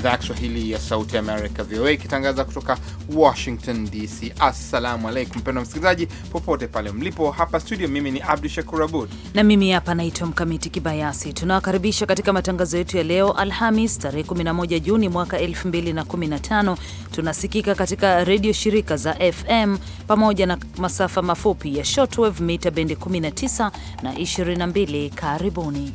idhaa ya Kiswahili ya Sauti Amerika, VOA, ikitangaza kutoka Washington DC. Assalamu alaikum, mpendwa msikilizaji, popote pale mlipo. Hapa studio, mimi ni Abdu Shakur Abud na mimi hapa naitwa Mkamiti Kibayasi. Tunawakaribisha katika matangazo yetu ya leo Alhamis, tarehe 11 Juni mwaka 2015. Tunasikika katika redio shirika za FM pamoja na masafa mafupi ya shortwave mita bendi 19 na 22. Karibuni.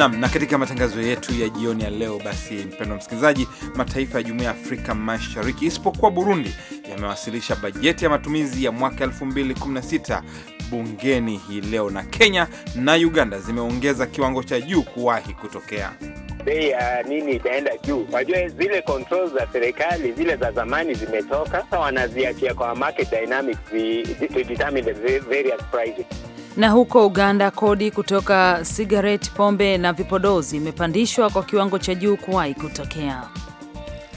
Nam na katika matangazo yetu ya jioni ya leo, basi mpendwa msikilizaji, mataifa ya jumuiya ya Afrika Mashariki isipokuwa Burundi yamewasilisha bajeti ya matumizi ya mwaka 2016 bungeni hii leo, na Kenya na Uganda zimeongeza kiwango cha juu kuwahi kutokea. Bei ya nini itaenda juu. Wajua zile controls za serikali zile za zamani zimetoka, wanaziachia kwa market dynamics to determine the various prices. Na huko Uganda, kodi kutoka sigareti, pombe na vipodozi imepandishwa kwa kiwango cha juu kuwahi kutokea.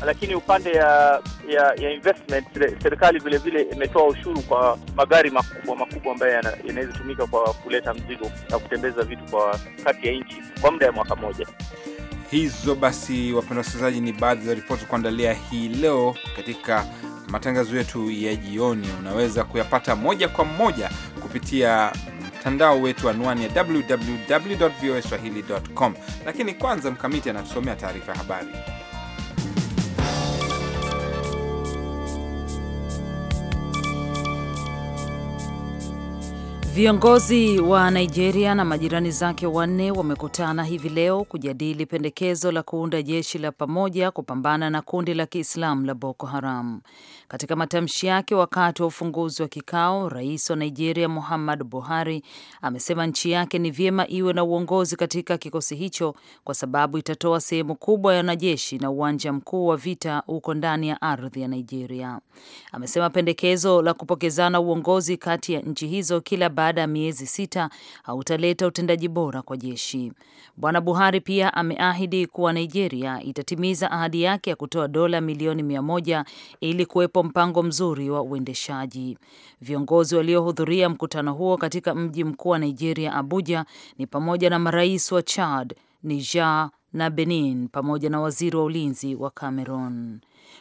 Lakini upande ya ya, ya investment, serikali vilevile imetoa ushuru kwa magari makubwa makubwa ambayo yanaweza tumika kwa kuleta mzigo na kutembeza vitu kwa kati ya nchi kwa muda ya mwaka mmoja. Hizo basi, wapenda wasikilizaji, ni baadhi za ripoti kuandalia hii leo katika matangazo yetu ya jioni. Unaweza kuyapata moja kwa moja kupitia mtandao wetu anwani ya www voa Lakini kwanza Mkamiti anatusomea taarifa ya habari. Viongozi wa Nigeria na majirani zake wanne wamekutana hivi leo kujadili pendekezo la kuunda jeshi la pamoja kupambana na kundi la Kiislamu la Boko Haram. Katika matamshi yake wakati wa ufunguzi wa kikao, Rais wa Nigeria Muhammad Buhari amesema nchi yake ni vyema iwe na uongozi katika kikosi hicho kwa sababu itatoa sehemu kubwa ya wanajeshi na uwanja mkuu wa vita uko ndani ya ardhi ya Nigeria. Amesema pendekezo la kupokezana uongozi kati ya nchi hizo kila baada ya miezi sita hautaleta utendaji bora kwa jeshi. Bwana Buhari pia ameahidi kuwa Nigeria itatimiza ahadi yake ya kutoa dola milioni mia moja ili kuwepo mpango mzuri wa uendeshaji. Viongozi waliohudhuria mkutano huo katika mji mkuu wa Nigeria, Abuja, ni pamoja na marais wa Chad, Niger na Benin pamoja na waziri wa ulinzi wa Cameroon.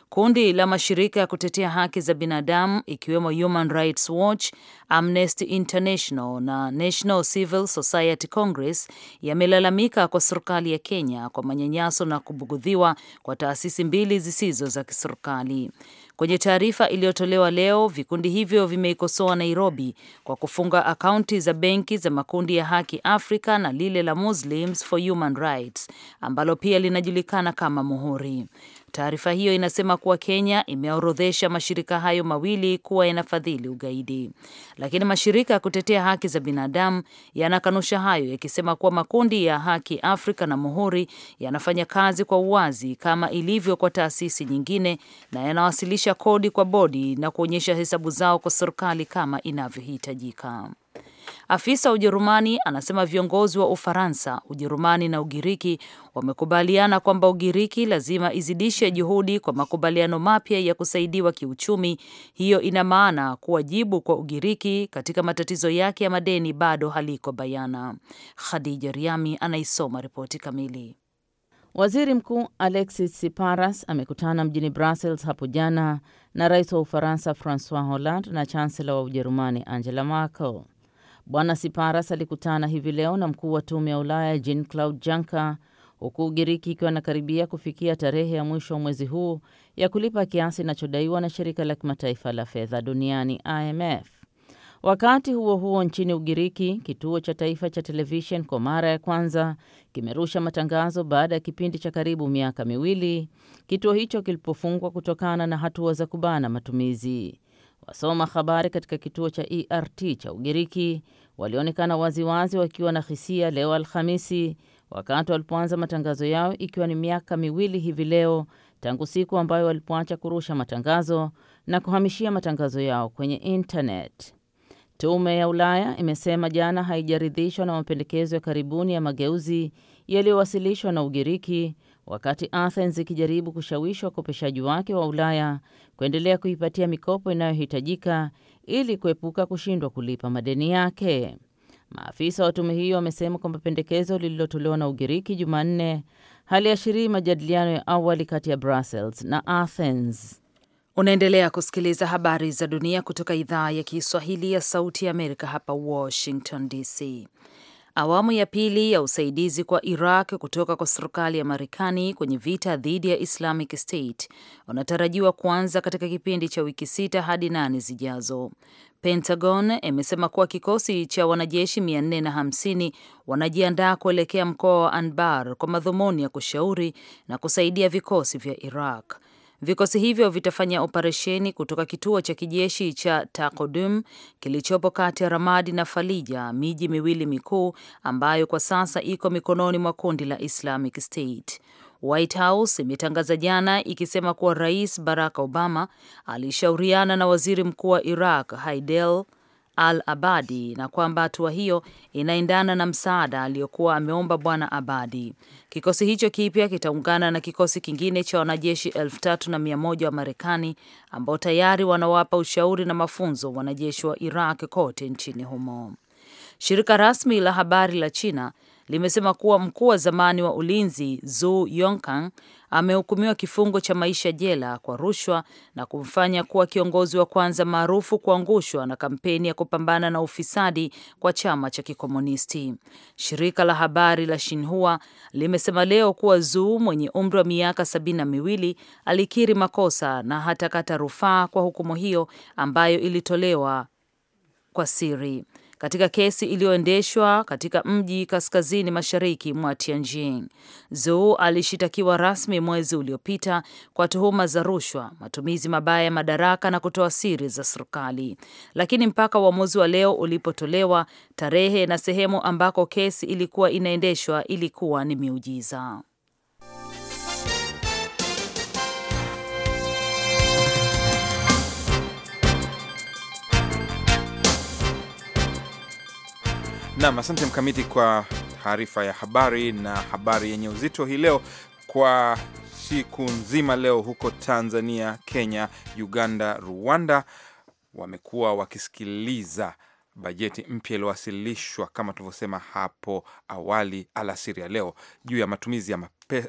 Kundi la mashirika ya kutetea haki za binadamu ikiwemo Human Rights Watch, Amnesty International na National Civil Society Congress yamelalamika kwa serikali ya Kenya kwa manyanyaso na kubugudhiwa kwa taasisi mbili zisizo za kiserikali. Kwenye taarifa iliyotolewa leo, vikundi hivyo vimeikosoa Nairobi kwa kufunga akaunti za benki za makundi ya Haki Afrika na lile la Muslims for Human Rights ambalo pia linajulikana kama Muhuri. Taarifa hiyo inasema kuwa Kenya imeorodhesha mashirika hayo mawili kuwa yanafadhili ugaidi, lakini mashirika ya kutetea haki za binadamu yanakanusha hayo yakisema kuwa makundi ya Haki Afrika na Muhuri yanafanya kazi kwa uwazi kama ilivyo kwa taasisi nyingine na yanawasilisha kodi kwa bodi na kuonyesha hesabu zao kwa serikali kama inavyohitajika. Afisa wa Ujerumani anasema viongozi wa Ufaransa, Ujerumani na Ugiriki wamekubaliana kwamba Ugiriki lazima izidishe juhudi kwa makubaliano mapya ya kusaidiwa kiuchumi. Hiyo ina maana kuwa jibu kwa Ugiriki katika matatizo yake ya madeni bado haliko bayana. Khadija Riami anaisoma ripoti kamili. Waziri Mkuu Alexis Siparas amekutana mjini Brussels hapo jana na rais wa Ufaransa Francois Hollande na chansela wa Ujerumani Angela Merkel. Bwana Siparas alikutana hivi leo na mkuu wa tume ya Ulaya Jean Claude Juncker huku Ugiriki ikiwa inakaribia kufikia tarehe ya mwisho wa mwezi huu ya kulipa kiasi inachodaiwa na shirika la kimataifa la fedha duniani IMF. Wakati huo huo, nchini Ugiriki, kituo cha taifa cha televishen kwa mara ya kwanza kimerusha matangazo baada ya kipindi cha karibu miaka miwili kituo hicho kilipofungwa kutokana na hatua za kubana matumizi. Wasoma habari katika kituo cha ERT cha Ugiriki walionekana waziwazi wakiwa na hisia leo Alhamisi wakati walipoanza matangazo yao, ikiwa ni miaka miwili hivi leo tangu siku ambayo walipoacha kurusha matangazo na kuhamishia matangazo yao kwenye intanet. Tume ya Ulaya imesema jana haijaridhishwa na mapendekezo ya karibuni ya mageuzi yaliyowasilishwa na Ugiriki wakati Athens ikijaribu kushawishi wakopeshaji wake wa Ulaya kuendelea kuipatia mikopo inayohitajika ili kuepuka kushindwa kulipa madeni yake. Maafisa wa tume hiyo wamesema kwamba pendekezo lililotolewa na Ugiriki Jumanne haliashirii majadiliano ya awali kati ya Brussels na Athens. Unaendelea kusikiliza habari za dunia kutoka idhaa ya Kiswahili ya Sauti ya Amerika hapa Washington DC. Awamu ya pili ya usaidizi kwa Iraq kutoka kwa serikali ya Marekani kwenye vita dhidi ya Islamic State unatarajiwa kuanza katika kipindi cha wiki sita hadi nane zijazo. Pentagon imesema kuwa kikosi cha wanajeshi 450 wanajiandaa kuelekea mkoa wa Anbar kwa madhumuni ya kushauri na kusaidia vikosi vya Iraq. Vikosi hivyo vitafanya operesheni kutoka kituo cha kijeshi cha Takodum kilichopo kati ya Ramadi na Falija, miji miwili mikuu ambayo kwa sasa iko mikononi mwa kundi la Islamic State. White House imetangaza jana ikisema kuwa Rais Barack Obama alishauriana na Waziri Mkuu wa Iraq Haidel Al Abadi na kwamba hatua hiyo inaendana na msaada aliyokuwa ameomba Bwana Abadi. Kikosi hicho kipya kitaungana na kikosi kingine cha wanajeshi elfu tatu na mia moja wa Marekani ambao tayari wanawapa ushauri na mafunzo wanajeshi wa Iraq kote nchini humo. Shirika rasmi la habari la China limesema kuwa mkuu wa zamani wa ulinzi Zu Yongkang amehukumiwa kifungo cha maisha jela kwa rushwa na kumfanya kuwa kiongozi wa kwanza maarufu kuangushwa na kampeni ya kupambana na ufisadi kwa chama cha Kikomunisti. Shirika la habari la Shinhua limesema leo kuwa Zu mwenye umri wa miaka sabini na miwili alikiri makosa na hatakata rufaa kwa hukumu hiyo ambayo ilitolewa kwa siri katika kesi iliyoendeshwa katika mji kaskazini mashariki mwa Tianjin. Zou alishitakiwa rasmi mwezi uliopita kwa tuhuma za rushwa, matumizi mabaya ya madaraka na kutoa siri za serikali, lakini mpaka uamuzi wa leo ulipotolewa, tarehe na sehemu ambako kesi ilikuwa inaendeshwa ilikuwa ni miujiza. Nam, asante Mkamiti kwa taarifa ya habari. Na habari yenye uzito hii leo kwa siku nzima leo huko Tanzania, Kenya, Uganda, Rwanda wamekuwa wakisikiliza bajeti mpya iliyowasilishwa kama tulivyosema hapo awali alasiri ya leo juu ya matumizi ya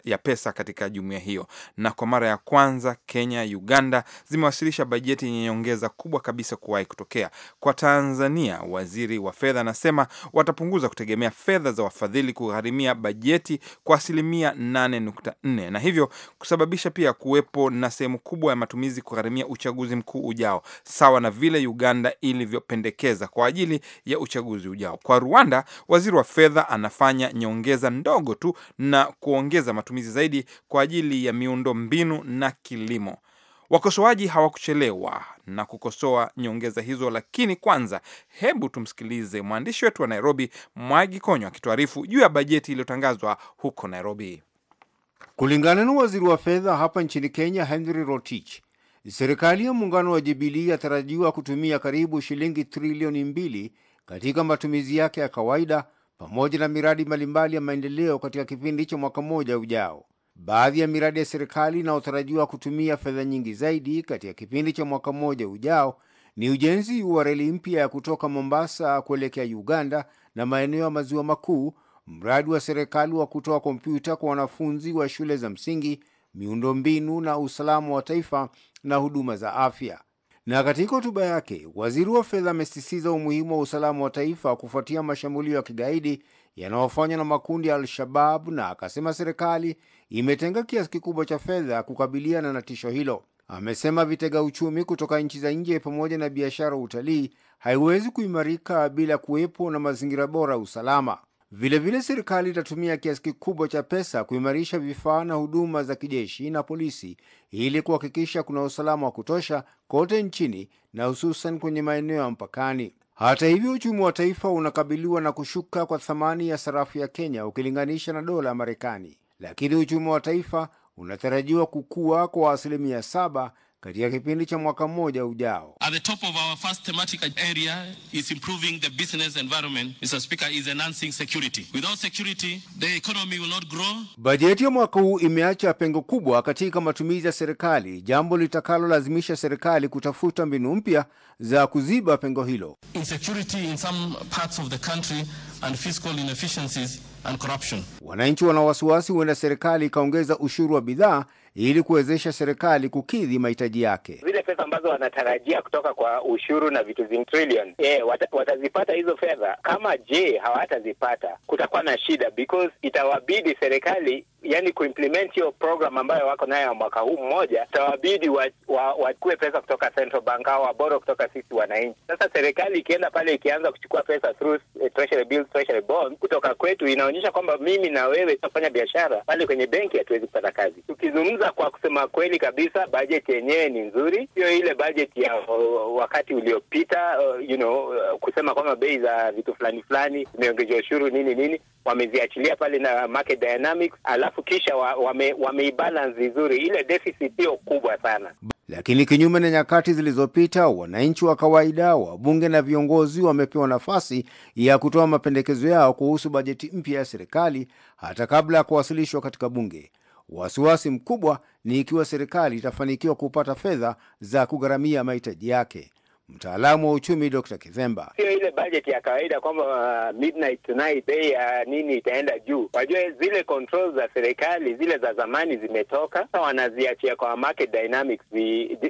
ya pesa katika jumuiya hiyo. Na kwa mara ya kwanza Kenya, Uganda zimewasilisha bajeti yenye nyongeza kubwa kabisa kuwahi kutokea. Kwa Tanzania, waziri wa fedha anasema watapunguza kutegemea fedha za wafadhili kugharimia bajeti kwa asilimia 8.4 na hivyo kusababisha pia kuwepo na sehemu kubwa ya matumizi kugharimia uchaguzi mkuu ujao, sawa na vile Uganda ilivyopendekeza kwa ajili ya uchaguzi ujao. Kwa Rwanda, waziri wa fedha anafanya nyongeza ndogo tu na kuongeza kuongeza matumizi zaidi kwa ajili ya miundo mbinu na kilimo. Wakosoaji hawakuchelewa na kukosoa nyongeza hizo, lakini kwanza, hebu tumsikilize mwandishi wetu wa Nairobi, Mwagi Konyo, akituarifu juu ya bajeti iliyotangazwa huko Nairobi. Kulingana na waziri wa fedha hapa nchini Kenya, Henry Rotich, serikali ya muungano wa Jubilii yatarajiwa kutumia karibu shilingi trilioni mbili katika matumizi yake ya kawaida pamoja na miradi mbalimbali ya maendeleo katika kipindi cha mwaka mmoja ujao. Baadhi ya miradi ya serikali inayotarajiwa kutumia fedha nyingi zaidi katika kipindi cha mwaka mmoja ujao ni ujenzi wa reli mpya ya kutoka Mombasa kuelekea Uganda na maeneo ya maziwa makuu, mradi wa serikali wa kutoa kompyuta kwa wanafunzi wa shule za msingi, miundombinu na usalama wa taifa na huduma za afya. Na katika hotuba yake, waziri wa fedha amesisitiza umuhimu wa usalama wa taifa kufuatia mashambulio ya kigaidi yanayofanywa na makundi ya Al-Shabab na akasema serikali imetenga kiasi kikubwa cha fedha kukabiliana na tisho hilo. Amesema vitega uchumi kutoka nchi za nje pamoja na biashara, utalii haiwezi kuimarika bila kuwepo na mazingira bora ya usalama. Vilevile serikali itatumia kiasi kikubwa cha pesa kuimarisha vifaa na huduma za kijeshi na polisi ili kuhakikisha kuna usalama wa kutosha kote nchini na hususan kwenye maeneo ya mpakani. Hata hivyo, uchumi wa taifa unakabiliwa na kushuka kwa thamani ya sarafu ya Kenya ukilinganisha na dola ya Marekani, lakini uchumi wa taifa unatarajiwa kukua kwa asilimia saba katika kipindi cha mwaka mmoja ujao. At the top of our first thematic area is improving the business environment, Mr. Speaker, is enhancing security. Without security, the economy will not grow. Bajeti ya mwaka huu imeacha pengo kubwa katika matumizi ya serikali, jambo litakalolazimisha serikali kutafuta mbinu mpya za kuziba pengo hilo. Insecurity in some parts of the country and fiscal inefficiencies and corruption. Wananchi wana wasiwasi huenda serikali ikaongeza ushuru wa bidhaa ili kuwezesha serikali kukidhi mahitaji yake. Zile pesa ambazo wanatarajia kutoka kwa ushuru na vitu vingi trillion, eh, wata, watazipata hizo fedha? Kama je hawatazipata, kutakuwa na shida because itawabidi serikali yani kuimplement hiyo program ambayo wako nayo ya mwaka huu mmoja, itawabidi wachukue wa, pesa kutoka central bank au waboro kutoka sisi wananchi. Sasa serikali ikienda pale ikianza kuchukua pesa through, eh, treasury bills, treasury bonds, kutoka kwetu inaonyesha kwamba mimi na na wewe tunafanya biashara pale kwenye benki, hatuwezi kupata kazi. Tukizungumza kwa kusema kweli kabisa, bajeti yenyewe ni nzuri, sio ile bajeti ya uh, wakati uliopita. Uh, you know, uh, kusema kwamba bei za vitu fulani fulani zimeongezwa ushuru nini nini, wameziachilia pale na market dynamics, alafu kisha wameibana wa wame vizuri, ile deficit sio kubwa sana. Lakini kinyume na nyakati zilizopita, wananchi wa kawaida, wabunge na viongozi wamepewa nafasi ya kutoa mapendekezo yao kuhusu bajeti mpya ya serikali hata kabla ya kuwasilishwa katika bunge. Wasiwasi mkubwa ni ikiwa serikali itafanikiwa kupata fedha za kugharamia mahitaji yake. Mtaalamu wa uchumi Dr. Kizemba. sio ile bajeti ya kawaida kwamba uh, midnight tonight bei ya nini itaenda juu. Wajua zile controls za serikali zile za zamani zimetoka, sasa wanaziachia kwa market dynamics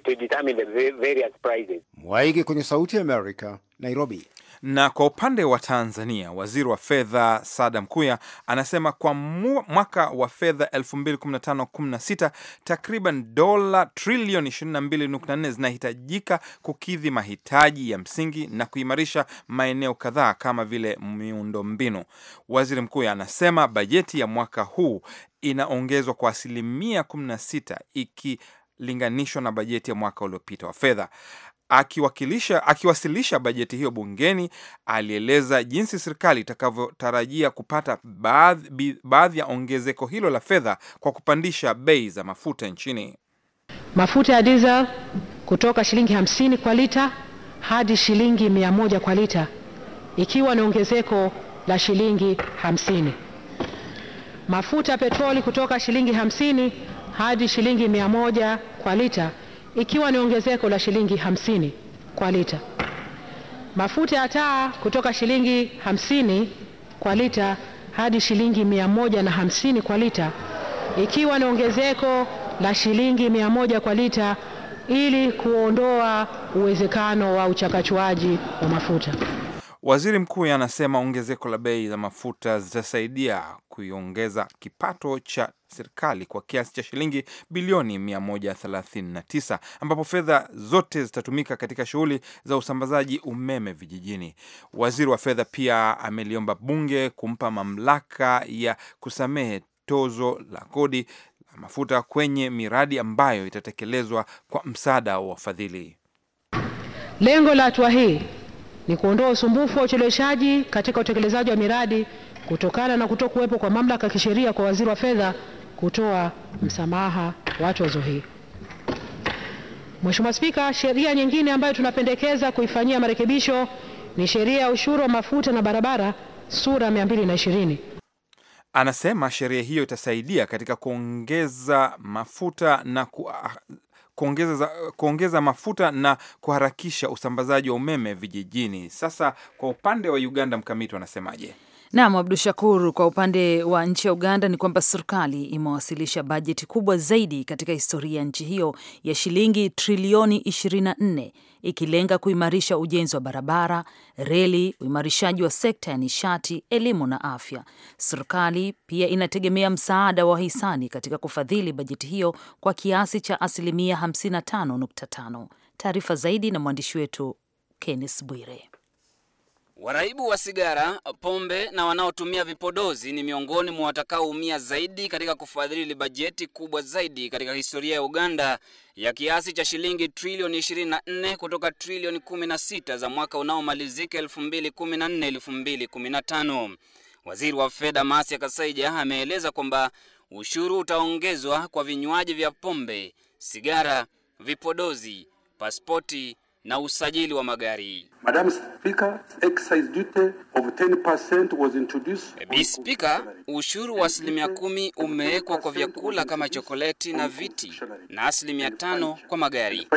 to determine the various prices. Mwaige kwenye Sauti ya America, Nairobi. Na kwa upande wa Tanzania, waziri wa fedha Sada Mkuya anasema kwa mwaka wa fedha 2015/16 takriban dola trilioni 22.4 zinahitajika kukidhi mahitaji ya msingi na kuimarisha maeneo kadhaa kama vile miundombinu. Waziri Mkuya anasema bajeti ya mwaka huu inaongezwa kwa asilimia 16 iki linganishwa na bajeti ya mwaka uliopita wa fedha. Akiwakilisha, akiwasilisha bajeti hiyo bungeni, alieleza jinsi serikali itakavyotarajia kupata baadhi, baadhi ya ongezeko hilo la fedha kwa kupandisha bei za mafuta nchini. Mafuta ya diesel kutoka shilingi 50 kwa lita hadi shilingi 100 kwa lita ikiwa ni ongezeko la shilingi 50. Mafuta ya petroli kutoka shilingi 50 hadi shilingi 100 kwa lita ikiwa ni ongezeko la shilingi hamsini kwa lita. Mafuta ya taa kutoka shilingi hamsini kwa lita hadi shilingi mia moja na hamsini kwa lita ikiwa ni ongezeko la shilingi mia moja kwa lita ili kuondoa uwezekano wa uchakachuaji wa mafuta. Waziri mkuu anasema ongezeko la bei za mafuta zitasaidia kuiongeza kipato cha serikali kwa kiasi cha shilingi bilioni 139 ambapo fedha zote zitatumika katika shughuli za usambazaji umeme vijijini. Waziri wa fedha pia ameliomba bunge kumpa mamlaka ya kusamehe tozo la kodi la mafuta kwenye miradi ambayo itatekelezwa kwa msaada wa wafadhili. Lengo la hatua hii ni kuondoa usumbufu wa ucheleweshaji katika utekelezaji wa miradi kutokana na kutokuwepo kwa mamlaka ya kisheria kwa waziri wa fedha kutoa msamaha wa tozo hii. Mheshimiwa Spika, sheria nyingine ambayo tunapendekeza kuifanyia marekebisho ni sheria ya ushuru wa mafuta na barabara sura 220. Anasema sheria hiyo itasaidia katika kuongeza mafuta na ku kuongeza, kuongeza mafuta na kuharakisha usambazaji wa umeme vijijini. Sasa kwa upande wa Uganda, mkamiti wanasemaje? Naam, Abdu Shakur, kwa upande wa nchi ya Uganda ni kwamba serikali imewasilisha bajeti kubwa zaidi katika historia ya nchi hiyo ya shilingi trilioni 24 ikilenga kuimarisha ujenzi wa barabara, reli, uimarishaji wa sekta ya nishati, elimu na afya. Serikali pia inategemea msaada wa hisani katika kufadhili bajeti hiyo kwa kiasi cha asilimia 55.5. Taarifa zaidi na mwandishi wetu Kenneth Bwire. Waraibu wa sigara, pombe na wanaotumia vipodozi ni miongoni mwa watakaoumia zaidi katika kufadhili bajeti kubwa zaidi katika historia ya Uganda ya kiasi cha shilingi trilioni 24 kutoka trilioni 16 za mwaka unaomalizika 2014 2015. Waziri wa Fedha Masia Kasaija ameeleza kwamba ushuru utaongezwa kwa vinywaji vya pombe, sigara, vipodozi, pasipoti na usajili wa magari. Madam Speaker, excise duty of 10% was introduced. Bi Speaker, ushuru wa asilimia kumi umewekwa kwa vyakula kama chokoleti na viti na asilimia tano kwa magari.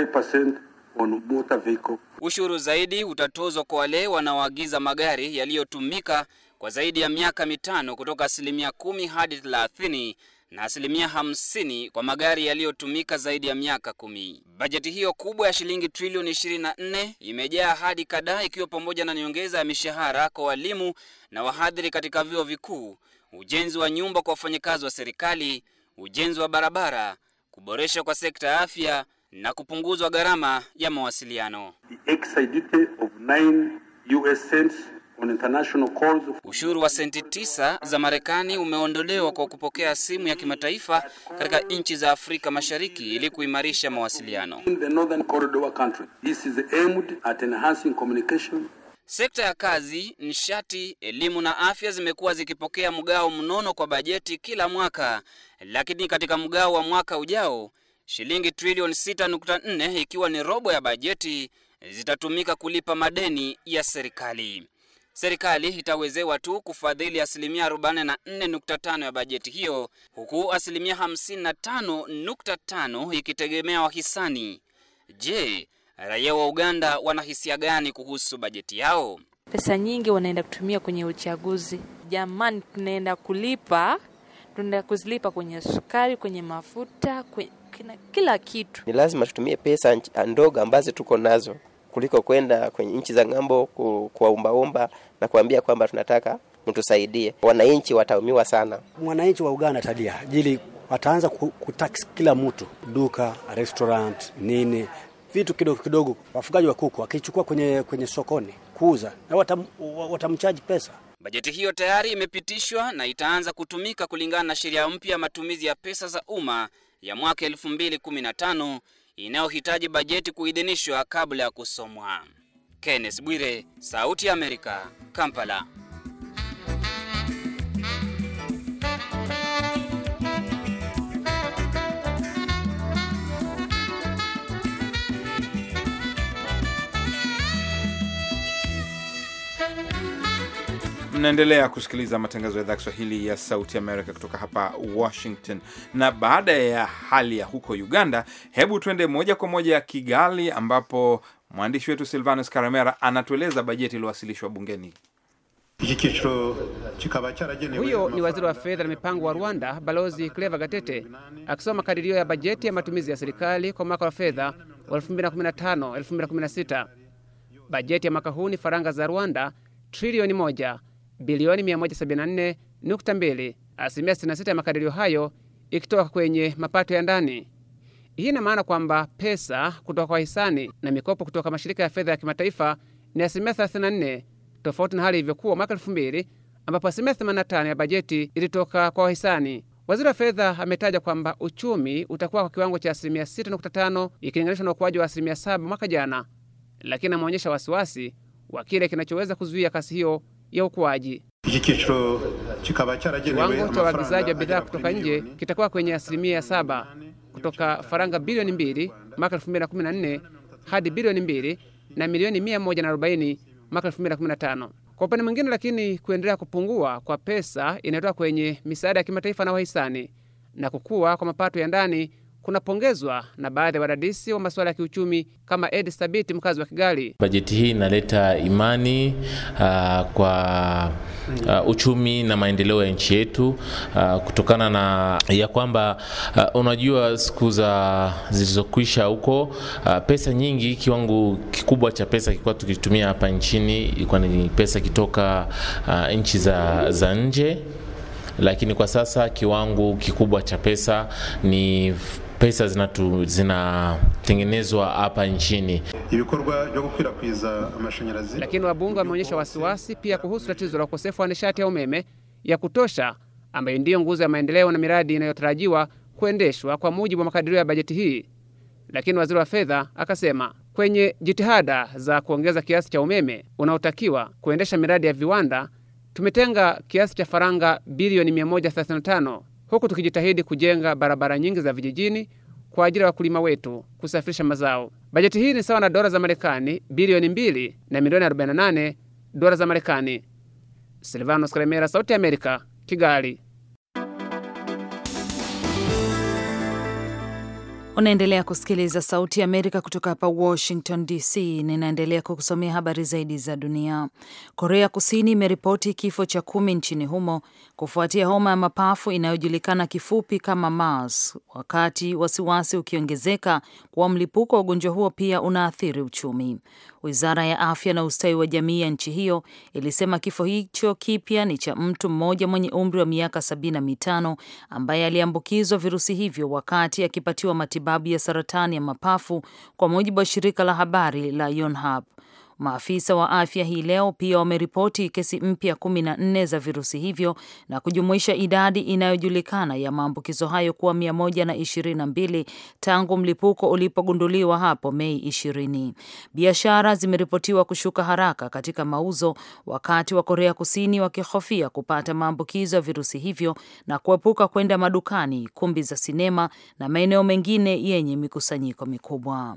Ushuru zaidi utatozwa kwa wale wanaoagiza magari yaliyotumika kwa zaidi ya miaka mitano kutoka asilimia kumi hadi thelathini na asilimia hamsini kwa magari yaliyotumika zaidi ya miaka kumi. Bajeti hiyo kubwa ya shilingi trilioni 24 imejaa ahadi kadhaa ikiwa pamoja na nyongeza ya mishahara kwa walimu na wahadhiri katika vyuo vikuu, ujenzi wa nyumba kwa wafanyakazi wa serikali, ujenzi wa barabara, kuboresha kwa sekta ya afya na kupunguzwa gharama ya mawasiliano. The on international calls. Ushuru wa senti tisa za Marekani umeondolewa kwa kupokea simu ya kimataifa katika nchi za Afrika Mashariki ili kuimarisha mawasiliano. Sekta ya kazi, nishati, elimu na afya zimekuwa zikipokea mgao mnono kwa bajeti kila mwaka, lakini katika mgao wa mwaka ujao shilingi trilioni 6.4 ikiwa ni robo ya bajeti zitatumika kulipa madeni ya serikali serikali itawezewa tu kufadhili asilimia 44.5 ya bajeti hiyo, huku asilimia 55.5 ikitegemea wahisani. Je, raia wa Uganda wanahisia gani kuhusu bajeti yao? Pesa nyingi wanaenda kutumia kwenye uchaguzi. Jamani, tunaenda kulipa, tunaenda kuzilipa kwenye sukari, kwenye mafuta, kwenye kila kitu. Ni lazima tutumie pesa ndogo ambazo tuko nazo kuliko kwenda kwenye nchi za ng'ambo kuwaumbaumba na kuambia kwamba tunataka mtusaidie. Wananchi wataumiwa sana. Mwananchi wa Uganda talia jili wataanza kutax kila mtu, duka, restaurant, nini vitu kidogo kidogo. Wafugaji wa kuku wakichukua kwenye, kwenye sokoni kuuza na watam, watamchaji pesa. Bajeti hiyo tayari imepitishwa na itaanza kutumika kulingana na sheria mpya ya matumizi ya pesa za umma ya mwaka 2015 inayohitaji bajeti kuidhinishwa kabla ya kusomwa. Kenneth Bwire, Sauti ya Amerika, Kampala. Mnaendelea kusikiliza matangazo ya idhaa Kiswahili ya Sauti Amerika kutoka hapa Washington. Na baada ya hali ya huko Uganda, hebu tuende moja kwa moja Kigali, ambapo mwandishi wetu Silvanus caramera anatueleza bajeti iliyowasilishwa bungeni. Huyo ni waziri wa fedha na mipango wa Rwanda, Balozi cleva Gatete akisoma makadirio ya bajeti ya matumizi ya serikali kwa mwaka wa fedha wa 2015 2016. Bajeti ya mwaka huu ni faranga za Rwanda trilioni moja bilioni 174.2, asilimia 66 ya makadirio hayo ikitoka kwenye mapato ya ndani. Hii ina maana kwamba pesa kutoka kwa hisani na mikopo kutoka mashirika ya fedha ya kimataifa ni asilimia 34, tofauti na hali ilivyokuwa mwaka 2000 ambapo asilimia 85 ya bajeti ilitoka kwa wahisani. Waziri wa fedha ametaja kwamba uchumi utakuwa kwa kiwango cha asilimia 6.5 ikilinganishwa na ukuaji wa asilimia 7 mwaka jana, lakini ameonyesha wasiwasi wa kile kinachoweza kuzuia kasi hiyo ya ukuaji. Kiwango cha uagizaji wa bidhaa kutoka nje kitakuwa kwenye asilimia ya saba kutoka faranga bilioni mbili mwaka 2014 hadi bilioni mbili na milioni 140 mwaka 2015. Kwa upande mwingine, lakini kuendelea kupungua kwa pesa inayotoka kwenye misaada ya kimataifa na wahisani na kukua kwa mapato ya ndani kunapongezwa na baadhi ya wadadisi wa masuala ya kiuchumi kama Ed Sabiti, mkazi wa Kigali. Bajeti hii inaleta imani uh, kwa uh, uchumi na maendeleo ya nchi yetu uh, kutokana na ya kwamba uh, unajua siku za zilizokwisha huko uh, pesa nyingi, kiwango kikubwa cha pesa kilikuwa tukitumia hapa nchini ilikuwa ni pesa kitoka uh, nchi za, za nje, lakini kwa sasa kiwango kikubwa cha pesa ni pesa zinatengenezwa hapa nchini, ibikorwa byo gukwirakwiza amashanyarazi. Lakini wabunge wameonyesha wasiwasi pia kuhusu tatizo la ukosefu wa nishati ya umeme ya kutosha ambayo ndiyo nguzo ya maendeleo na miradi inayotarajiwa kuendeshwa kwa mujibu wa makadirio ya bajeti hii. Lakini waziri wa fedha akasema kwenye jitihada za kuongeza kiasi cha umeme unaotakiwa kuendesha miradi ya viwanda tumetenga kiasi cha faranga bilioni 135 huku tukijitahidi kujenga barabara nyingi za vijijini kwa ajili ya wakulima wetu kusafirisha mazao. Bajeti hii ni sawa na dola za Marekani bilioni mbili na milioni 48 dola za Marekani. Silvanos Karemera, Sauti ya Amerika, Kigali. Unaendelea kusikiliza Sauti ya Amerika kutoka hapa Washington DC. Ninaendelea kukusomea habari zaidi za dunia. Korea Kusini imeripoti kifo cha kumi nchini humo kufuatia homa ya mapafu inayojulikana kifupi kama MARS, wakati wasiwasi ukiongezeka kuwa mlipuko wa ugonjwa huo pia unaathiri uchumi. Wizara ya afya na ustawi wa jamii ya nchi hiyo ilisema kifo hicho kipya ni cha mtu mmoja mwenye umri wa miaka sabini na mitano ambaye aliambukizwa virusi hivyo wakati akipatiwa matibabu matibabu ya saratani ya mapafu, kwa mujibu wa shirika la habari la Yonhap. Maafisa wa afya hii leo pia wameripoti kesi mpya kumi na nne za virusi hivyo na kujumuisha idadi inayojulikana ya maambukizo hayo kuwa mia moja na ishirini na mbili tangu mlipuko ulipogunduliwa hapo Mei ishirini. Biashara zimeripotiwa kushuka haraka katika mauzo, wakati wa Korea Kusini wakihofia kupata maambukizo ya virusi hivyo na kuepuka kwenda madukani, kumbi za sinema na maeneo mengine yenye mikusanyiko mikubwa.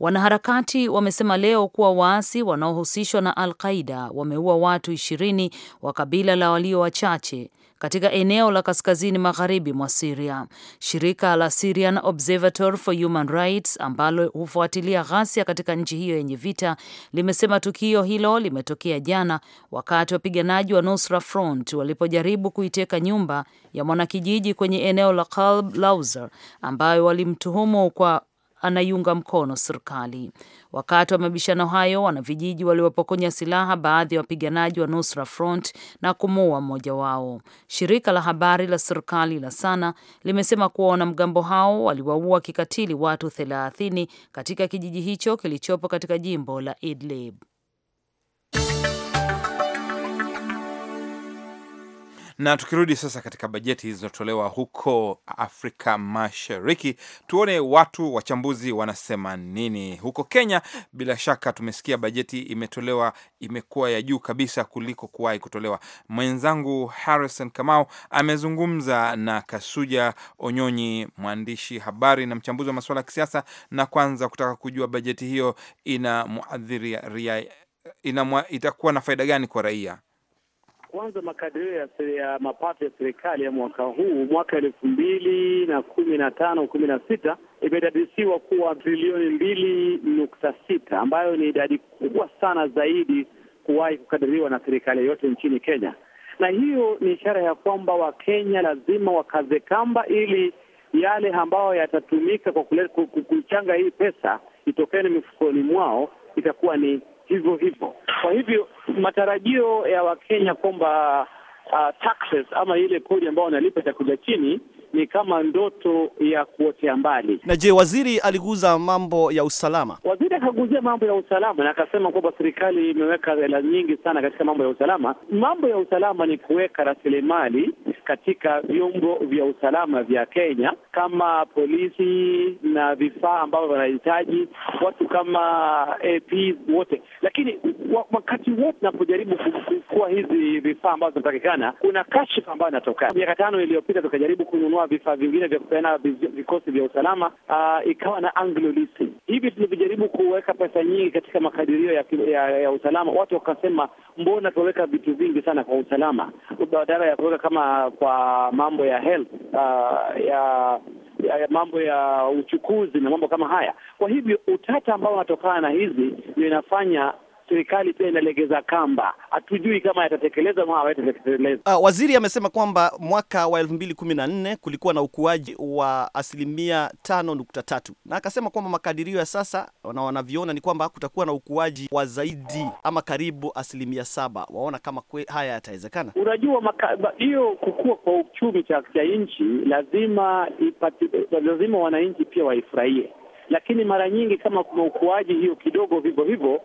Wanaharakati wamesema leo kuwa waasi waasi wanaohusishwa na Al Qaida wameua watu ishirini wa kabila la walio wachache katika eneo la kaskazini magharibi mwa Siria. Shirika la Syrian Observatory for Human Rights ambalo hufuatilia ghasia katika nchi hiyo yenye vita limesema tukio hilo limetokea jana wakati wapiganaji wa Nusra Front walipojaribu kuiteka nyumba ya mwanakijiji kwenye eneo la Kalb lauser ambayo walimtuhumu kwa anaiunga mkono serikali. Wakati wa mabishano hayo, wanavijiji waliwapokonya silaha baadhi ya wapiganaji wa Nusra Front na kumuua mmoja wao. Shirika la habari la serikali la SANA limesema kuwa wanamgambo hao waliwaua kikatili watu 30 katika kijiji hicho kilichopo katika jimbo la Idlib. Na tukirudi sasa katika bajeti zilizotolewa huko Afrika Mashariki, tuone watu wachambuzi wanasema nini. Huko Kenya, bila shaka tumesikia bajeti imetolewa, imekuwa ya juu kabisa kuliko kuwahi kutolewa. Mwenzangu Harrison Kamau amezungumza na Kasuja Onyonyi, mwandishi habari na mchambuzi wa masuala ya kisiasa, na kwanza kutaka kujua bajeti hiyo ina muadhiri ria itakuwa na faida gani kwa raia? kwanza makadirio ya mapato ya serikali ya mwaka huu mwaka elfu mbili na kumi na tano kumi na sita imedadisiwa kuwa trilioni mbili nukta sita ambayo ni idadi kubwa sana zaidi kuwahi kukadiriwa na serikali yote nchini Kenya, na hiyo ni ishara ya kwamba Wakenya lazima wakaze kamba ili yale ambayo yatatumika kwa kuchanga hii pesa itokee mifukoni mwao itakuwa ni hivyo hivyo. Kwa hivyo matarajio ya Wakenya kwamba uh, taxes ama ile kodi ambayo wanalipa chakula chini ni kama ndoto ya kuotea mbali. Na je, waziri aliguza mambo ya usalama? Waziri akaguzia mambo ya usalama na akasema kwamba serikali imeweka hela nyingi sana katika mambo ya usalama. Mambo ya usalama ni kuweka rasilimali katika vyombo vya usalama vya Kenya kama polisi na vifaa ambavyo wanahitaji watu kama AP wote, lakini wakati wote napojaribu kuwa hizi vifaa ambavyo zinatakikana, kuna kashfa ambayo inatokana. Miaka tano iliyopita tukajaribu kununua vifaa vingine vya kupeana vikosi vya usalama uh, ikawa na Anglo Leasing. Hivi tulivyojaribu kuweka pesa nyingi katika makadirio ya, ya, ya usalama, watu wakasema mbona tunaweka vitu vingi sana kwa usalama badala ya kuweka kama kwa mambo ya health, uh, ya ya mambo ya uchukuzi na mambo kama haya. Kwa hivyo utata ambao unatokana na hizi ndio inafanya serikali pia inalegeza kamba, hatujui kama yatatekeleza ama hayatatekeleza. Uh, ah, waziri amesema kwamba mwaka wa elfu mbili kumi na nne kulikuwa na ukuaji wa asilimia tano nukta tatu na akasema kwamba makadirio ya sasa na wanavyoona ni kwamba kutakuwa na ukuaji wa zaidi ama karibu asilimia saba. Waona kama kwe, haya yatawezekana? Unajua hiyo kukua kwa uchumi cha nchi lazima ipati, lazima wananchi pia waifurahie, lakini mara nyingi kama kuna ukuaji hiyo kidogo, vivyo hivyo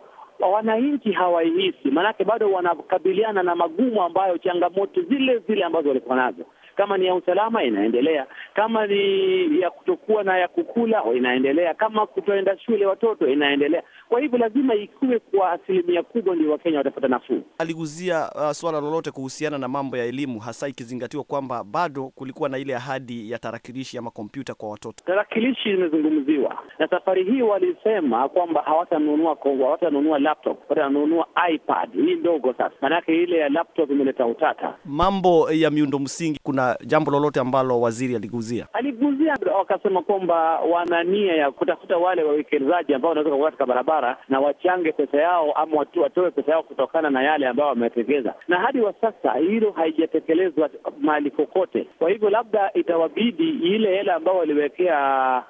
wananchi hawaihisi, maanake bado wanakabiliana na magumu ambayo changamoto zile zile ambazo walikuwa nazo kama ni ya usalama inaendelea, kama ni ya kutokuwa na ya kukula inaendelea, kama kutoenda shule watoto inaendelea. Kwa hivyo lazima ikuwe kwa asilimia kubwa ndio Wakenya watapata nafuu. Aliguzia uh, suala lolote kuhusiana na mambo ya elimu, hasa ikizingatiwa kwamba bado kulikuwa na ile ahadi ya tarakilishi ama kompyuta kwa watoto. Tarakilishi imezungumziwa na safari hii walisema kwamba hawatanunua hawatanunua laptop, watanunua iPad hii ndogo. Sasa maanake ile ya laptop imeleta utata. Mambo ya miundo msingi, kuna jambo lolote ambalo waziri aliguzia? Aliguzia wakasema kwamba wana nia ya kutafuta wale wawekezaji ambao wanaweza kuwa katika barabara biashara na wachange pesa yao ama watu watoe pesa yao kutokana na yale ambayo wametengeza, na hadi wa sasa hilo haijatekelezwa mahali kokote. Kwa hivyo, labda itawabidi ile hela ambayo waliwekea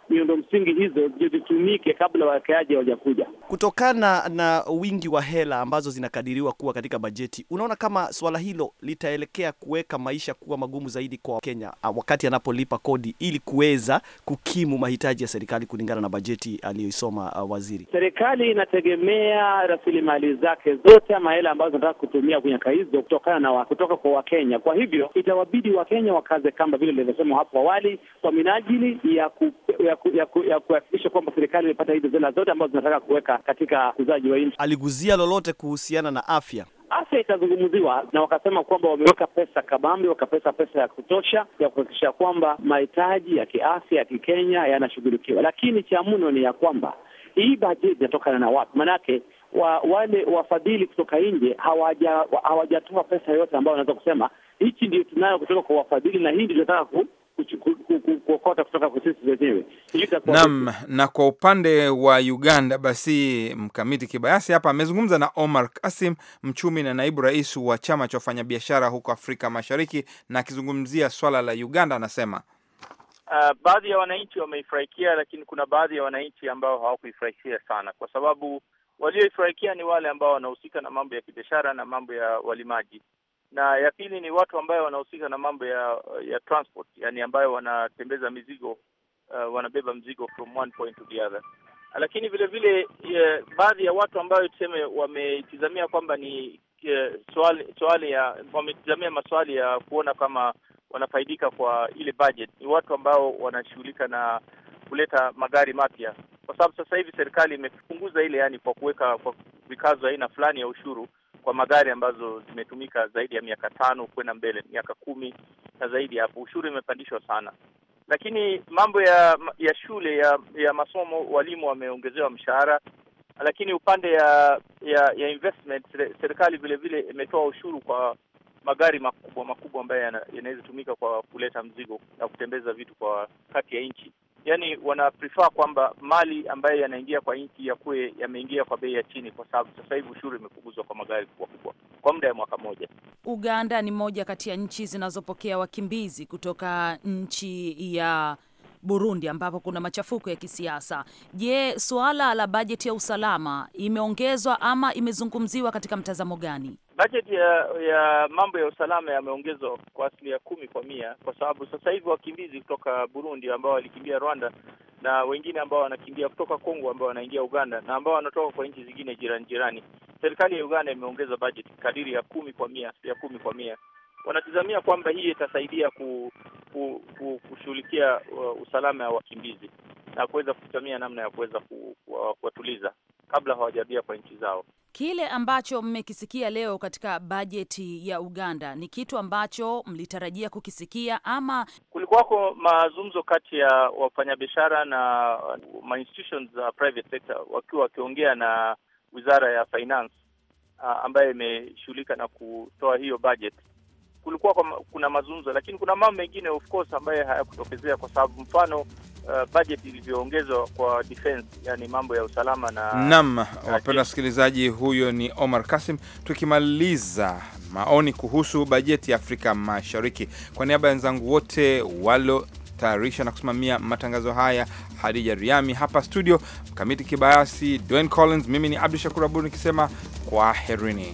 uh, miundo msingi hizo zitumike kabla wawekeaji hawajakuja. Kutokana na wingi wa hela ambazo zinakadiriwa kuwa katika bajeti, unaona kama swala hilo litaelekea kuweka maisha kuwa magumu zaidi kwa Kenya uh, wakati anapolipa kodi ili kuweza kukimu mahitaji ya serikali kulingana na bajeti aliyoisoma uh, waziri serikali serikali inategemea rasilimali zake zote ama hela ambazo zinataka kutumia kwenye nyaka hizo kutokana na wa, kutoka kwa Wakenya. Kwa hivyo itawabidi Wakenya wakaze kamba vile ilivyosema hapo awali, kwa minajili ya kuhakikisha ku, ya ku, ya ku, ya kwamba serikali imepata hizo zela zote ambazo zinataka kuweka katika kuzaji wa nchi. Aliguzia lolote kuhusiana na afya? Afya itazungumziwa na wakasema kwamba wameweka pesa kabambe, wakapesa pesa ya kutosha ya kuhakikisha kwamba mahitaji ya kiafya ya kikenya yanashughulikiwa, lakini cha mno ni ya kwamba hii bajeti inatokana na wapi? Maanake wa, wale wafadhili kutoka nje hawaja hawajatoa pesa yote ambayo wanaweza kusema hichi ndio tunayo kutoka kwa wafadhili na hii ndio tunataka ku kuokota kutoka Naam, na kwa upande wa Uganda basi, mkamiti kibayasi hapa amezungumza na Omar Kasim, mchumi na naibu rais wa chama cha wafanyabiashara huko Afrika Mashariki, na akizungumzia swala la Uganda anasema Uh, baadhi ya wananchi wameifurahikia, lakini kuna baadhi ya wananchi ambao hawakuifurahikia sana, kwa sababu walioifurahikia ni wale ambao wanahusika na mambo ya kibiashara na mambo ya walimaji, na ya pili ni watu ambayo wanahusika na mambo ya ya transport, yani ambayo wanatembeza mizigo uh, wanabeba mzigo from one point to the other. Lakini vile vile eh, baadhi ya watu ambayo tuseme wametizamia kwamba ni Eh, swali ya wamejamia maswali ya kuona kama wanafaidika kwa ile budget ni watu ambao wanashughulika na kuleta magari mapya, kwa sababu sasa hivi serikali imepunguza ile, yani kwa kuweka kwa vikazo aina fulani ya ushuru kwa magari ambazo zimetumika zaidi ya miaka tano kwenda mbele, miaka kumi na zaidi hapo, ushuru imepandishwa sana. Lakini mambo ya ya shule ya ya masomo, walimu wameongezewa mshahara lakini upande ya ya, ya investment serikali vile vile imetoa ushuru kwa magari makubwa makubwa ambayo yanaweza tumika kwa kuleta mzigo na kutembeza vitu kwa kati ya nchi. Yani wana prefer kwamba mali ambayo yanaingia kwa nchi yakuwe yameingia kwa bei ya chini, kwa sababu sasa hivi ushuru imepunguzwa kwa magari kubwa kubwa kwa muda ya mwaka mmoja. Uganda ni moja kati ya nchi zinazopokea wakimbizi kutoka nchi ya Burundi ambapo kuna machafuko ya kisiasa. Je, suala la bajeti ya usalama imeongezwa ama imezungumziwa katika mtazamo gani? Bajeti ya, ya mambo ya usalama yameongezwa kwa asilimia kumi kwa mia kwa sababu sasa hivi wakimbizi kutoka Burundi ambao walikimbia Rwanda na wengine ambao wanakimbia kutoka Kongo ambao wanaingia Uganda na ambao wanatoka kwa nchi zingine jirani jirani, serikali ya Uganda imeongeza bajeti kadiri ya kumi kwa mia ya kumi kwa mia wanatizamia kwamba hii itasaidia ku, ku, ku, kushughulikia uh, usalama wa wakimbizi na kuweza kutumia namna ya kuweza uh, kuwatuliza kabla hawajabia kwa nchi zao. Kile ambacho mmekisikia leo katika bajeti ya Uganda ni kitu ambacho mlitarajia kukisikia ama kulikuwako mazungumzo kati ya wafanyabiashara na uh, ma institutions za private sector wakiwa wakiongea na Wizara ya Finance ambayo imeshughulika na kutoa hiyo bajeti kulikuwa kwa, kuna mazungumzo, lakini kuna mambo mengine of course ambayo hayakutokezea kwa sababu mfano uh, budget ilivyoongezwa kwa defense, yani mambo ya usalama na Naam, Wapenda wasikilizaji, huyo ni Omar Kasim tukimaliza maoni kuhusu bajeti ya Afrika Mashariki. Kwa niaba ya wenzangu wote walo na kusimamia matangazo haya, Hadija Riami hapa studio, Mkamiti Kibayasi, Dwayne Collins, mimi ni Abdu Shakur Abud nikisema herini